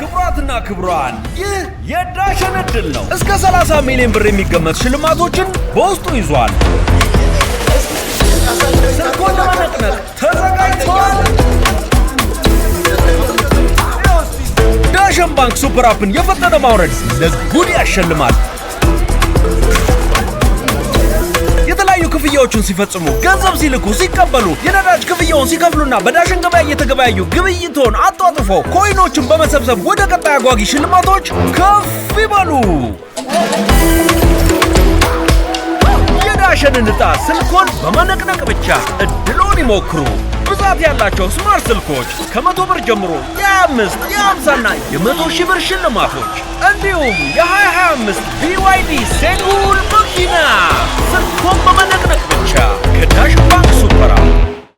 ክቡራትና ክቡራን ይህ የዳሸን እድል ነው። እስከ 30 ሚሊዮን ብር የሚገመት ሽልማቶችን በውስጡ ይዟል። ስልኮን ለመነቅነቅ ተዘጋጅተዋል። ዳሸን ባንክ ሱፐር አፕን የፈጠነ ማውረድ ለጉድ ያሸልማል። ክፍያዎችን ሲፈጽሙ፣ ገንዘብ ሲልኩ፣ ሲቀበሉ፣ የነዳጅ ክፍያውን ሲከፍሉና በዳሽን ገበያ እየተገበያዩ ግብይቶን አጧጥፈው ኮይኖችን በመሰብሰብ ወደ ቀጣይ አጓጊ ሽልማቶች ከፍ ይበሉ። የዳሽንን ዕጣ ስልኮን በመነቅነቅ ብቻ እድሎን ይሞክሩ። ብዛት ያላቸው ስማርት ስልኮች ከመቶ ብር ጀምሮ የአምስት የአምሳና የመቶ ሺህ ብር ሽልማቶች እንዲሁም የ2025 ቢዋይዲ ሴጉል መኪና